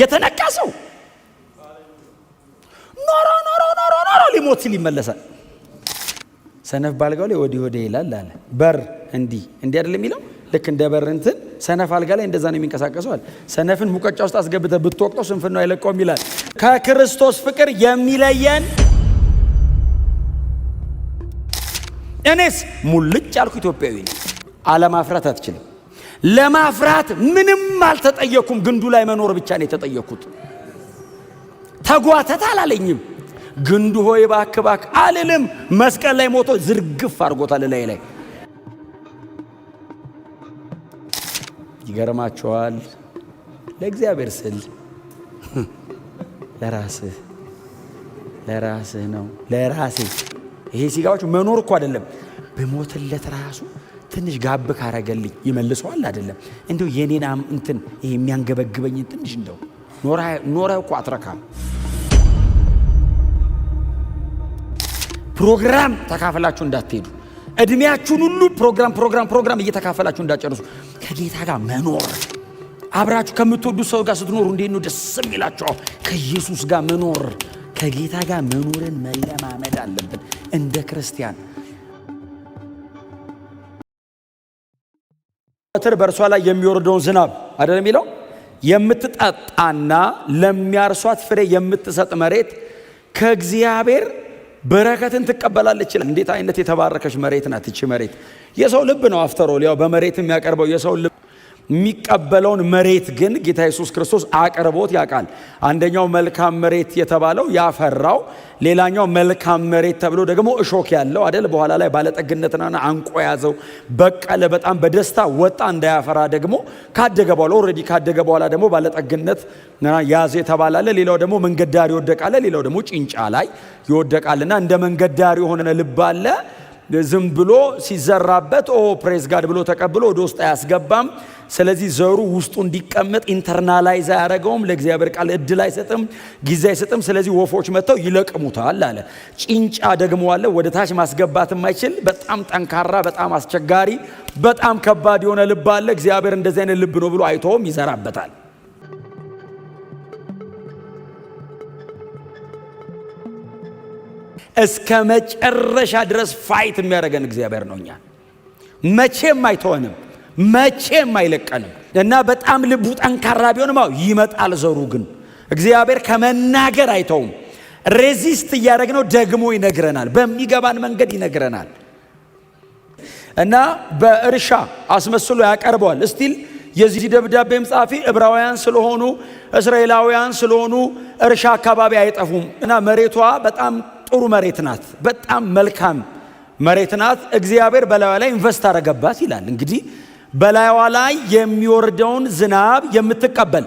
የተነቃ ሰው ኖሮ ኖሮ ኖሮ ኖሮ ሊሞት ሲል ይመለሳል። ሰነፍ ባልጋው ላይ ወዲህ ወዲህ ይላል አለ። በር እንዲህ እንዲህ አይደለም የሚለው ልክ እንደ በር እንትን ሰነፍ አልጋ ላይ እንደዛ ነው የሚንቀሳቀሰው አለ። ሰነፍን ሙቀጫ ውስጥ አስገብተህ ብትወቅጠው ነው አይለቀውም ይላል። ከክርስቶስ ፍቅር የሚለየን እኔስ ሙልጭ ያልኩ ኢትዮጵያዊ ነኝ። አለማፍራት አትችልም። ለማፍራት ምንም አልተጠየኩም። ግንዱ ላይ መኖር ብቻ ነው የተጠየኩት። ተጓተት አላለኝም። ግንዱ ሆይ እባክህ እባክህ አልልም። መስቀል ላይ ሞቶ ዝርግፍ አድርጎታል ላይ ላይ ይገርማቸዋል። ለእግዚአብሔር ስል ለራስህ ለራስህ ነው ለራስህ። ይሄ ሲጋዎች መኖር እኮ አይደለም ብሞትለት ራሱ ትንሽ ጋብ ካረገልኝ ይመልሰዋል። አይደለም እንደው የኔና እንትን ይሄ የሚያንገበግበኝ ትንሽ እንደው ኖረ እኮ አትረካም። ፕሮግራም ተካፈላችሁ እንዳትሄዱ። እድሜያችሁን ሁሉ ፕሮግራም ፕሮግራም ፕሮግራም እየተካፈላችሁ እንዳጨርሱ። ከጌታ ጋር መኖር አብራችሁ ከምትወዱ ሰው ጋር ስትኖሩ እንዴት ነው ደስ የሚላችሁ? ከኢየሱስ ጋር መኖር ከጌታ ጋር መኖርን መለማመድ አለብን እንደ ክርስቲያን በትር በእርሷ ላይ የሚወርደውን ዝናብ አይደለም የሚለው የምትጠጣና ለሚያርሷት ፍሬ የምትሰጥ መሬት ከእግዚአብሔር በረከትን ትቀበላለች እንዴት አይነት የተባረከች መሬት ናት ይቺ መሬት! የሰው ልብ ነው አፍተሮል ያው በመሬት የሚያቀርበው የሰው ልብ የሚቀበለውን መሬት ግን ጌታ ኢየሱስ ክርስቶስ አቅርቦት ያውቃል። አንደኛው መልካም መሬት የተባለው ያፈራው፣ ሌላኛው መልካም መሬት ተብሎ ደግሞ እሾክ ያለው አደል። በኋላ ላይ ባለጠግነትና አንቆ ያዘው፣ በቀለ፣ በጣም በደስታ ወጣ። እንዳያፈራ ደግሞ ካደገ በኋላ ኦልሬዲ ካደገ በኋላ ደግሞ ባለጠግነት ያዘ የተባላለ፣ ሌላው ደግሞ መንገድ ዳር ይወደቃለ፣ ሌላው ደግሞ ጭንጫ ላይ ይወደቃልና እንደ መንገድ ዳር የሆነ ልብ አለ። ዝም ብሎ ሲዘራበት ኦ ፕሬዝ ጋድ ብሎ ተቀብሎ ወደ ውስጥ አያስገባም። ስለዚህ ዘሩ ውስጡ እንዲቀመጥ ኢንተርናላይዝ አያደረገውም። ለእግዚአብሔር ቃል እድል አይሰጥም፣ ጊዜ አይሰጥም። ስለዚህ ወፎች መጥተው ይለቅሙታል አለ። ጭንጫ ደግሞ አለ፣ ወደ ታች ማስገባት የማይችል በጣም ጠንካራ፣ በጣም አስቸጋሪ፣ በጣም ከባድ የሆነ ልብ አለ። እግዚአብሔር እንደዚህ አይነት ልብ ነው ብሎ አይተውም፣ ይዘራበታል። እስከ መጨረሻ ድረስ ፋይት የሚያደርገን እግዚአብሔር ነው። እኛ መቼም አይተወንም። መቼም አይለቀንም እና በጣም ልቡ ጠንካራ ቢሆንም ይመጣል ዘሩ ግን እግዚአብሔር ከመናገር አይተውም። ሬዚስት እያደረግነው ደግሞ ይነግረናል፣ በሚገባን መንገድ ይነግረናል። እና በእርሻ አስመስሎ ያቀርበዋል። እስቲል የዚህ ደብዳቤም ጸሐፊ ዕብራውያን ስለሆኑ እስራኤላውያን ስለሆኑ እርሻ አካባቢ አይጠፉም እና መሬቷ በጣም ጥሩ መሬት ናት፣ በጣም መልካም መሬት ናት። እግዚአብሔር በላዩ ላይ ኢንቨስት አረገባት ይላል እንግዲህ በላይዋ ላይ የሚወርደውን ዝናብ የምትቀበል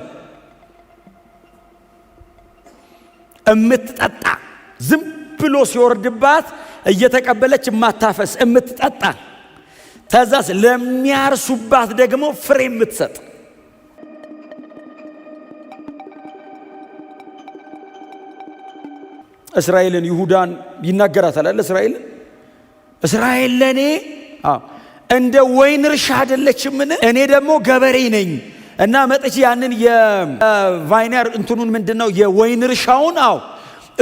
እምትጠጣ ዝም ብሎ ሲወርድባት እየተቀበለች የማታፈስ እምትጠጣ ተዛስ ለሚያርሱባት ደግሞ ፍሬ የምትሰጥ እስራኤልን ይሁዳን ይናገራታል። እስራኤልን እስራኤል ለእኔ እንደ ወይን እርሻ አይደለችምን? እኔ ደግሞ ገበሬ ነኝ እና መጥቼ ያንን የቫይነር እንትኑን ምንድን ነው የወይን እርሻውን አው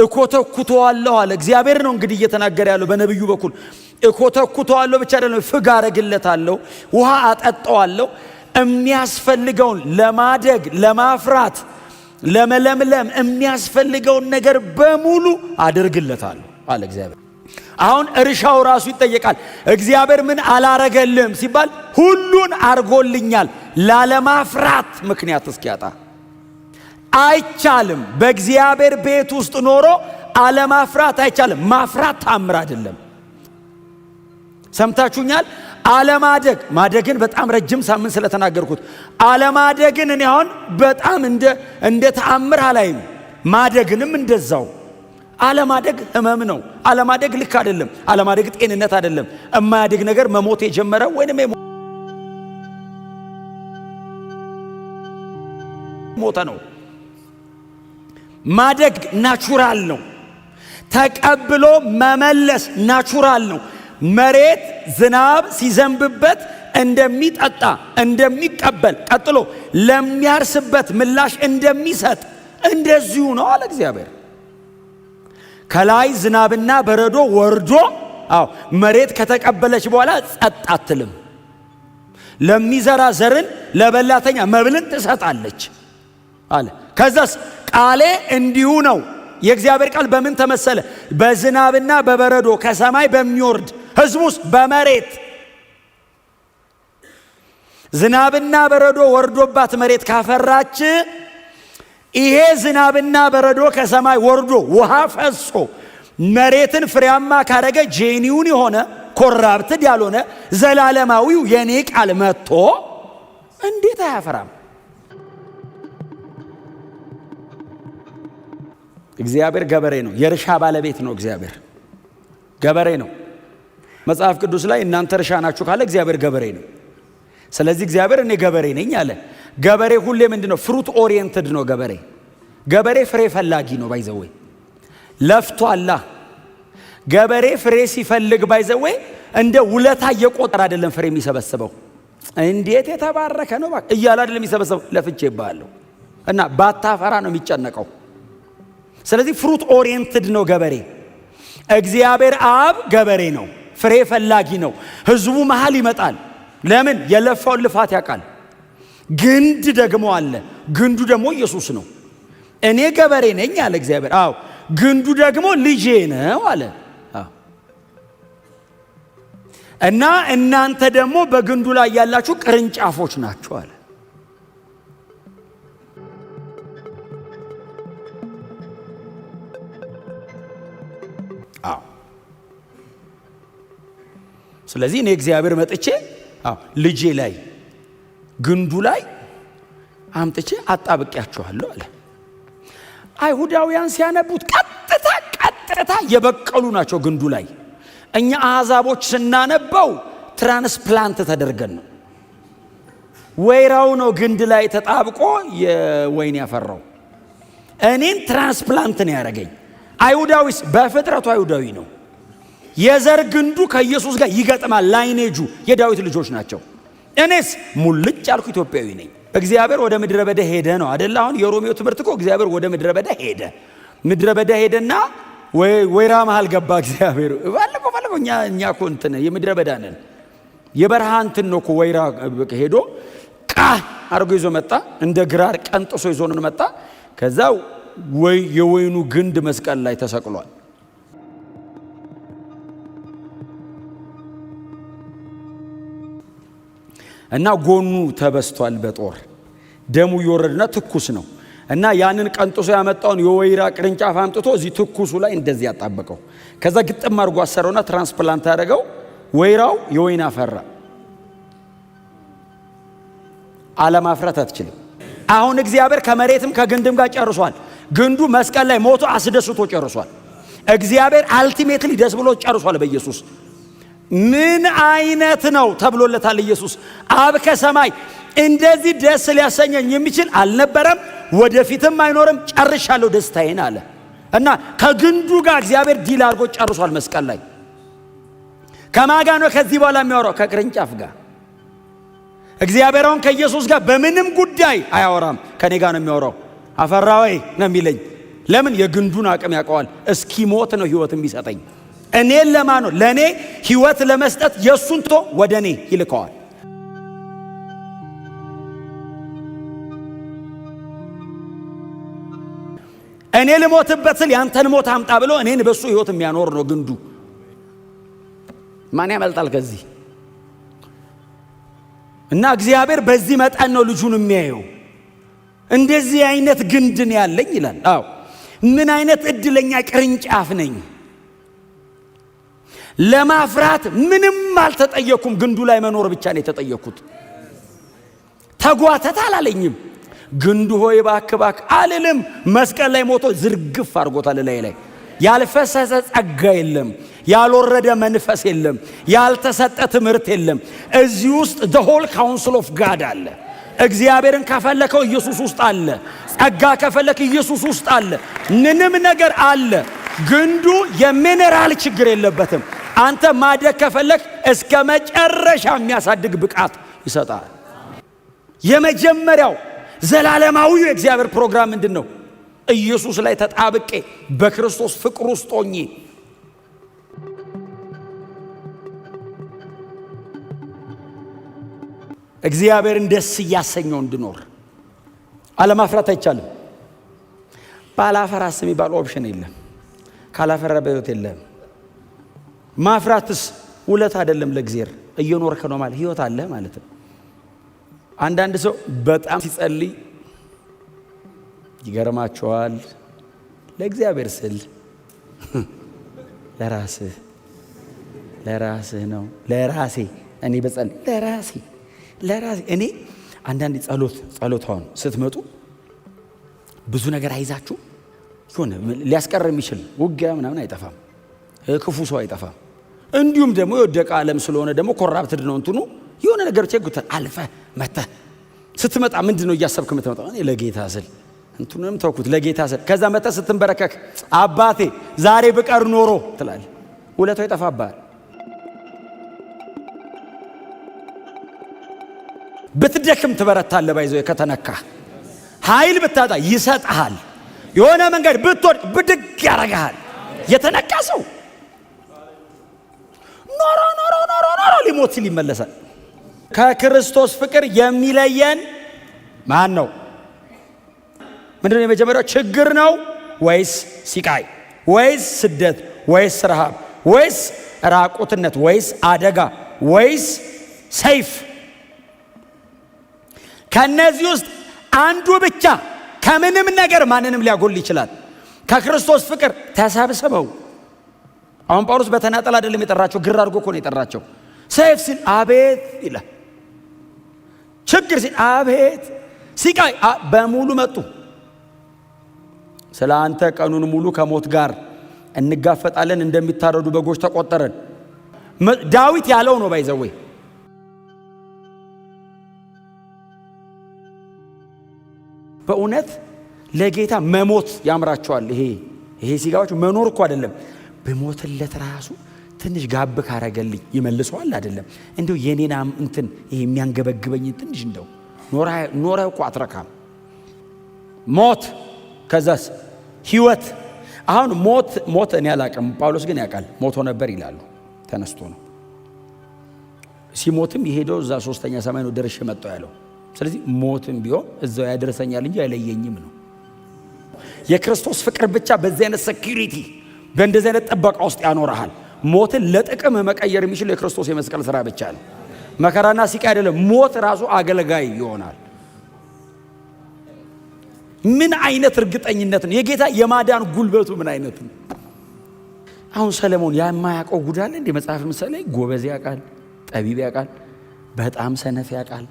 እኮተኩተዋለሁ አለ። እግዚአብሔር ነው እንግዲህ እየተናገረ ያለው በነቢዩ በኩል እኮተኩተዋለሁ ብቻ አይደለም፣ ፍግ አረግለታለሁ፣ ውሃ አጠጣዋለሁ። የሚያስፈልገውን ለማደግ ለማፍራት ለመለምለም የሚያስፈልገውን ነገር በሙሉ አድርግለታለሁ አለ እግዚአብሔር። አሁን እርሻው ራሱ ይጠየቃል። እግዚአብሔር ምን አላረገልም ሲባል ሁሉን አርጎልኛል ላለማፍራት ምክንያት እስኪያጣ አይቻልም። በእግዚአብሔር ቤት ውስጥ ኖሮ አለማፍራት አይቻልም። ማፍራት ታምር አይደለም። ሰምታችሁኛል። አለማደግ ማደግን በጣም ረጅም ሳምንት ስለተናገርኩት አለማደግን እኔ አሁን በጣም እንደ ተአምር አላይም። ማደግንም እንደዛው አለማደግ ህመም ነው። አለማደግ ልክ አይደለም። አለማደግ ጤንነት አይደለም። የማያድግ ነገር መሞት የጀመረ ወይንም ሞተ ነው። ማደግ ናቹራል ነው። ተቀብሎ መመለስ ናቹራል ነው። መሬት ዝናብ ሲዘንብበት እንደሚጠጣ እንደሚቀበል፣ ቀጥሎ ለሚያርስበት ምላሽ እንደሚሰጥ እንደዚሁ ነው አለ እግዚአብሔር። ከላይ ዝናብና በረዶ ወርዶ አዎ መሬት ከተቀበለች በኋላ ጸጥ አትልም። ለሚዘራ ዘርን ለበላተኛ መብልን ትሰጣለች አለ። ከዛስ ቃሌ እንዲሁ ነው። የእግዚአብሔር ቃል በምን ተመሰለ? በዝናብና በበረዶ ከሰማይ በሚወርድ ሕዝቡስ በመሬት ዝናብና በረዶ ወርዶባት መሬት ካፈራች ይሄ ዝናብና በረዶ ከሰማይ ወርዶ ውሃ ፈሶ መሬትን ፍሬያማ ካረገ ጄኒውን የሆነ ኮራፕትድ ያልሆነ ዘላለማዊው የኔ ቃል መጥቶ እንዴት አያፈራም? እግዚአብሔር ገበሬ ነው። የእርሻ ባለቤት ነው። እግዚአብሔር ገበሬ ነው። መጽሐፍ ቅዱስ ላይ እናንተ እርሻ ናችሁ ካለ እግዚአብሔር ገበሬ ነው። ስለዚህ እግዚአብሔር እኔ ገበሬ ነኝ አለ። ገበሬ ሁሌ ምንድን ነው? ፍሩት ኦሪየንትድ ነው ገበሬ። ገበሬ ፍሬ ፈላጊ ነው። ባይዘዌ ለፍቶ አላ ገበሬ ፍሬ ሲፈልግ ባይዘዌ እንደ ውለታ እየቆጠረ አይደለም ፍሬ የሚሰበስበው። እንዴት የተባረከ ነው እያለ አይደለም የሚሰበስበው። ለፍቼ ይባለሁ እና ባታፈራ ነው የሚጨነቀው። ስለዚህ ፍሩት ኦሪየንትድ ነው ገበሬ። እግዚአብሔር አብ ገበሬ ነው፣ ፍሬ ፈላጊ ነው። ህዝቡ መሃል ይመጣል። ለምን? የለፋውን ልፋት ያውቃል። ግንድ ደግሞ አለ። ግንዱ ደግሞ ኢየሱስ ነው። እኔ ገበሬ ነኝ አለ እግዚአብሔር። አዎ ግንዱ ደግሞ ልጄ ነው አለ እና እናንተ ደግሞ በግንዱ ላይ ያላችሁ ቅርንጫፎች ናችሁ አለ። ስለዚህ እኔ እግዚአብሔር መጥቼ ልጄ ላይ ግንዱ ላይ አምጥቼ አጣብቂያችኋለሁ አለ። አይሁዳውያን ሲያነቡት ቀጥታ ቀጥታ የበቀሉ ናቸው ግንዱ ላይ። እኛ አሕዛቦች ስናነበው ትራንስፕላንት ተደርገን ነው። ወይራው ነው ግንድ ላይ ተጣብቆ የወይን ያፈራው። እኔን ትራንስፕላንት ነው ያደረገኝ። አይሁዳዊስ በፍጥረቱ አይሁዳዊ ነው። የዘር ግንዱ ከኢየሱስ ጋር ይገጥማል። ላይኔጁ የዳዊት ልጆች ናቸው። እኔስ ሙልጭ ያልኩ ኢትዮጵያዊ ነኝ። እግዚአብሔር ወደ ምድረ በዳ ሄደ ነው አደለ? አሁን የሮሜው ትምህርት እኮ እግዚአብሔር ወደ ምድረ በዳ ሄደ፣ ምድረ በዳ ሄደና ወይራ መሃል ገባ እግዚአብሔር። ባለፈው ባለፈው እኛ እኛ እኮ እንትን የምድረ በዳ ነን፣ የበረሃ እንትን ነው እኮ ወይራ ሄዶ ቃ አድርጎ ይዞ መጣ። እንደ ግራር ቀንጥሶ ይዞ ነው መጣ። ከዛ ወይ የወይኑ ግንድ መስቀል ላይ ተሰቅሏል። እና ጎኑ ተበስቷል በጦር ደሙ እየወረደና ትኩስ ነው እና ያንን ቀንጥሶ ያመጣውን የወይራ ቅርንጫፍ አምጥቶ እዚህ ትኩሱ ላይ እንደዚህ ያጣበቀው። ከዛ ግጥም አድርጎ አሰረውና ትራንስፕላንት ያደረገው። ወይራው የወይን አፈራ። አለማፍራት አትችልም። አሁን እግዚአብሔር ከመሬትም ከግንድም ጋር ጨርሷል። ግንዱ መስቀል ላይ ሞቶ አስደስቶ ጨርሷል። እግዚአብሔር አልቲሜትሊ ደስ ብሎ ጨርሷል በኢየሱስ ምን አይነት ነው ተብሎለታል። ኢየሱስ አብ ከሰማይ እንደዚህ ደስ ሊያሰኘኝ የሚችል አልነበረም፣ ወደፊትም አይኖርም፣ ጨርሻለሁ ደስታዬን አለ እና ከግንዱ ጋር እግዚአብሔር ዲል አድርጎ ጨርሷል መስቀል ላይ። ከማጋ ነው ከዚህ በኋላ የሚያወራው? ከቅርንጫፍ ጋር። እግዚአብሔርን ከኢየሱስ ጋር በምንም ጉዳይ አያወራም። ከኔ ጋር ነው የሚያወራው። አፈራ ወይ ነው የሚለኝ። ለምን? የግንዱን አቅም ያውቀዋል። እስኪሞት ነው ህይወት የሚሰጠኝ እኔን ለማኖር ለእኔ ሕይወት ለመስጠት የእሱን ትቶ ወደ እኔ ይልከዋል። እኔ ልሞትበት ስል ያንተን ሞት አምጣ ብሎ እኔን በእሱ ሕይወት የሚያኖር ነው ግንዱ። ማን ያመልጣል ከዚህ? እና እግዚአብሔር በዚህ መጠን ነው ልጁን የሚያየው። እንደዚህ አይነት ግንድን ያለኝ ይላል። አዎ ምን አይነት እድለኛ ቅርንጫፍ ነኝ ለማፍራት ምንም አልተጠየኩም። ግንዱ ላይ መኖር ብቻ ነው የተጠየኩት። ተጓተት አላለኝም። ግንዱ ሆይ እባክህ እባክህ አልልም። መስቀል ላይ ሞቶ ዝርግፍ አድርጎታል። ላይ ላይ ያልፈሰሰ ጸጋ የለም፣ ያልወረደ መንፈስ የለም፣ ያልተሰጠ ትምህርት የለም። እዚህ ውስጥ ዘሆል ካውንስል ኦፍ ጋድ አለ። እግዚአብሔርን ከፈለከው ኢየሱስ ውስጥ አለ። ጸጋ ከፈለክ ኢየሱስ ውስጥ አለ። ምንም ነገር አለ። ግንዱ የሚኔራል ችግር የለበትም። አንተ ማደግ ከፈለክ እስከ መጨረሻ የሚያሳድግ ብቃት ይሰጣል። የመጀመሪያው ዘላለማዊ የእግዚአብሔር ፕሮግራም ምንድን ነው? ኢየሱስ ላይ ተጣብቄ በክርስቶስ ፍቅር ውስጥ ሆኜ እግዚአብሔርን ደስ እያሰኘው እንድኖር አለማፍራት አይቻልም። ባላፈራስ የሚባል ኦፕሽን የለም። ካላፈራ በሕይወት የለም። ማፍራትስ ውለት አይደለም ለእግዚአብሔር እየኖርከ ነው ማለት ህይወት አለ ማለት ነው። አንዳንድ ሰው በጣም ሲጸልይ ይገርማቸዋል። ለእግዚአብሔር ስል ለራስህ ለራስህ ነው ለራሴ እኔ በጸል ለራሴ ለራሴ እኔ አንዳንድ ጸሎት ጸሎት ስትመጡ ብዙ ነገር አይዛችሁ ሆነ ሊያስቀር የሚችል ውጊያ ምናምን አይጠፋም፣ ክፉ ሰው አይጠፋም። እንዲሁም ደግሞ የወደቀ ዓለም ስለሆነ ደግሞ ኮራፕትድ ነው እንትኑ የሆነ ነገር ቸጉተ አልፈ መተ ስትመጣ ምንድን ነው እያሰብክ የምትመጣ? እኔ ለጌታ ስል እንትንም ተውኩት ለጌታ ስል ከዛ መተ ስትንበረከክ አባቴ ዛሬ ብቀር ኖሮ ትላል። ውለታው ይጠፋብሃል። ብትደክም ትበረታለህ። ባይዘው ከተነካ ኃይል ብታጣ ይሰጥሃል። የሆነ መንገድ ብትወድቅ ብድግ ያረግሃል። የተነካ ሰው ኖሮ ኖሮ ኖሮ ኖሮ ሊሞት ሲል ይመለሳል። ከክርስቶስ ፍቅር የሚለየን ማን ነው? ምንድነው? የመጀመሪያው ችግር ነው ወይስ ሲቃይ ወይስ ስደት ወይስ ረሃብ ወይስ ራቁትነት ወይስ አደጋ ወይስ ሰይፍ? ከእነዚህ ውስጥ አንዱ ብቻ ከምንም ነገር ማንንም ሊያጎል ይችላል። ከክርስቶስ ፍቅር ተሰብስበው አሁን ጳውሎስ በተናጠል አይደለም የጠራቸው፣ ግር አድርጎ እኮ ነው የጠራቸው። ሰይፍ ሲል አቤት ይላል። ችግር ሲል አቤት፣ ሲቃይ በሙሉ መጡ። ስለ አንተ ቀኑን ሙሉ ከሞት ጋር እንጋፈጣለን፣ እንደሚታረዱ በጎች ተቆጠረን። ዳዊት ያለው ነው ባይዘዌ በእውነት ለጌታ መሞት ያምራቸዋል። ይሄ ይሄ ሲጋዎች መኖር እኮ አይደለም በሞትለት ራሱ ትንሽ ጋብ ካረገልኝ ይመልሰዋል። አይደለም እንደው የኔና እንትን ይሄ የሚያንገበግበኝ ትንሽ እንደው ኖረ እኮ አትረካም። ሞት ከዛስ ህይወት። አሁን ሞት ሞት እኔ አላቅም፣ ጳውሎስ ግን ያውቃል። ሞቶ ነበር ይላሉ፣ ተነስቶ ነው። ሲሞትም የሄደው እዛ ሶስተኛ ሰማይ ነው ደርሼ መጣሁ ያለው። ስለዚህ ሞትም ቢሆን እዛው ያደርሰኛል እንጂ አይለየኝም ነው የክርስቶስ ፍቅር ብቻ በዚህ አይነት ሴኩሪቲ በእንደዚህ አይነት ጥበቃ ውስጥ ያኖረሃል። ሞትን ለጥቅም መቀየር የሚችለው የክርስቶስ የመስቀል ስራ ብቻ ነው። መከራና ሲቃ አይደለም። ሞት ራሱ አገልጋይ ይሆናል። ምን አይነት እርግጠኝነት ነው! የጌታ የማዳን ጉልበቱ ምን አይነት ነው! አሁን ሰለሞን የማያውቀው ጉዳለ እንደ መጽሐፍ ምሳሌ ጎበዝ ያውቃል፣ ጠቢብ ያውቃል፣ በጣም ሰነፍ ያውቃል።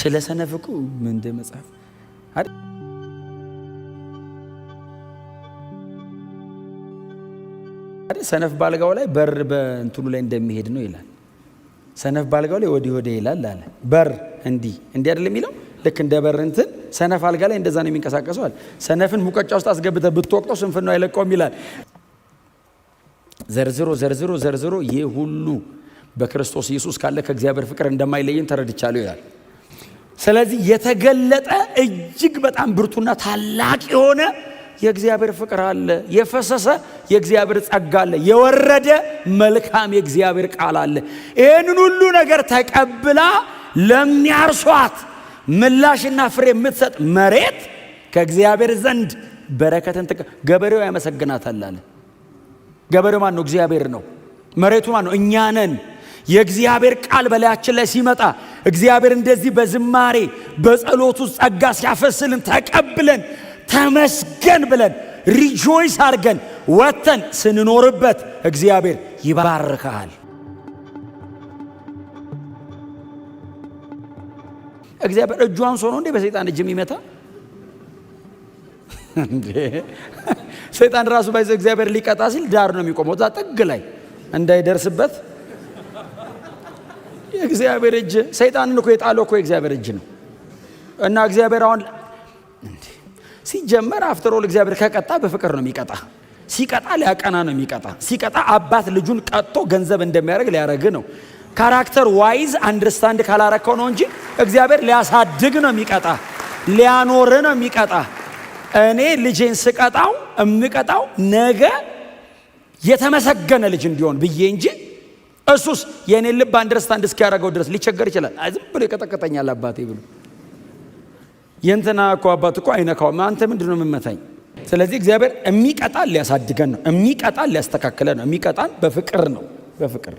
ስለ ሰነፍ እኮ ምን እንደ መጽሐፍ ሰነፍ ባልጋው ላይ በር በእንትኑ ላይ እንደሚሄድ ነው ይላል። ሰነፍ ባልጋው ላይ ወዲህ ወዲህ ይላል አለ። በር እንዲህ እንዲህ አይደል የሚለው ልክ እንደ በር እንትን ሰነፍ አልጋ ላይ እንደዛ ነው የሚንቀሳቀሰዋል። ሰነፍን ሙቀጫ ውስጥ አስገብተህ ብትወቅጠው ስንፍን ነው አይለቀውም ይላል። ዘርዝሮ ዘርዝሮ ዘርዝሮ ይህ ሁሉ በክርስቶስ ኢየሱስ ካለ ከእግዚአብሔር ፍቅር እንደማይለየን ተረድቻለሁ ይላል። ስለዚህ የተገለጠ እጅግ በጣም ብርቱና ታላቅ የሆነ የእግዚአብሔር ፍቅር አለ፣ የፈሰሰ የእግዚአብሔር ጸጋ አለ፣ የወረደ መልካም የእግዚአብሔር ቃል አለ። ይህንን ሁሉ ነገር ተቀብላ ለሚያርሷት ምላሽና ፍሬ የምትሰጥ መሬት ከእግዚአብሔር ዘንድ በረከትን ጥቀ ገበሬው ያመሰግናታል አለ። ገበሬው ማን ነው? እግዚአብሔር ነው። መሬቱ ማን ነው? እኛ ነን። የእግዚአብሔር ቃል በላያችን ላይ ሲመጣ እግዚአብሔር እንደዚህ በዝማሬ በጸሎቱ ጸጋ ሲያፈስልን ተቀብለን ተመስገን ብለን ሪጆይስ አድርገን ወጥተን ስንኖርበት እግዚአብሔር ይባርከሃል። እግዚአብሔር እጁ አንሶ ነው እንዴ በሰይጣን እጅ የሚመታ? ሰይጣን ራሱ ባይዘ እግዚአብሔር ሊቀጣ ሲል ዳር ነው የሚቆመው፣ እዛ ጥግ ላይ እንዳይደርስበት የእግዚአብሔር እጅ። ሰይጣንን እኮ የጣለው እኮ የእግዚአብሔር እጅ ነው። እና እግዚአብሔር አሁን ሲጀመር አፍተሮል እግዚአብሔር ከቀጣ በፍቅር ነው የሚቀጣ። ሲቀጣ ሊያቀና ነው የሚቀጣ። ሲቀጣ አባት ልጁን ቀጥቶ ገንዘብ እንደሚያደርግ ሊያደርግ ነው። ካራክተር ዋይዝ አንደርስታንድ ካላረከው ነው እንጂ እግዚአብሔር ሊያሳድግ ነው የሚቀጣ፣ ሊያኖር ነው የሚቀጣ። እኔ ልጄን ስቀጣው የምቀጣው ነገ የተመሰገነ ልጅ እንዲሆን ብዬ እንጂ እሱስ የእኔን ልብ አንደርስታንድ እስኪያደረገው ድረስ ሊቸገር ይችላል። ዝም ብሎ ይቀጠቅጠኛል አባቴ ብሎ የእንትና እኮ አባት እኮ አይነካውም። አንተ ምንድን ነው የምመታኝ? ስለዚህ እግዚአብሔር የሚቀጣን ሊያሳድገን ነው። የሚቀጣን ሊያስተካክለን ነው። የሚቀጣን በፍቅር ነው፣ በፍቅር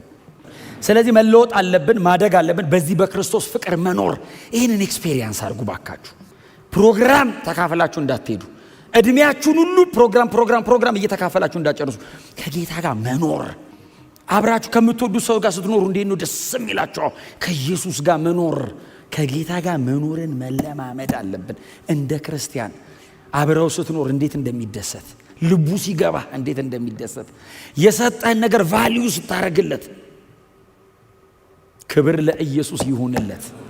ስለዚህ መለወጥ አለብን፣ ማደግ አለብን። በዚህ በክርስቶስ ፍቅር መኖር ይህንን ኤክስፔሪየንስ አድርጉ ባካችሁ። ፕሮግራም ተካፈላችሁ እንዳትሄዱ። እድሜያችሁን ሁሉ ፕሮግራም ፕሮግራም ፕሮግራም እየተካፈላችሁ እንዳጨርሱ። ከጌታ ጋር መኖር አብራችሁ ከምትወዱ ሰው ጋር ስትኖሩ እንዴት ነው ደስ የሚላቸው! ከኢየሱስ ጋር መኖር ከጌታ ጋር መኖርን መለማመድ አለብን። እንደ ክርስቲያን አብረው ስትኖር እንዴት እንደሚደሰት ልቡ ሲገባ እንዴት እንደሚደሰት የሰጠህን ነገር ቫሊዩ ስታደርግለት ክብር ለኢየሱስ ይሁንለት።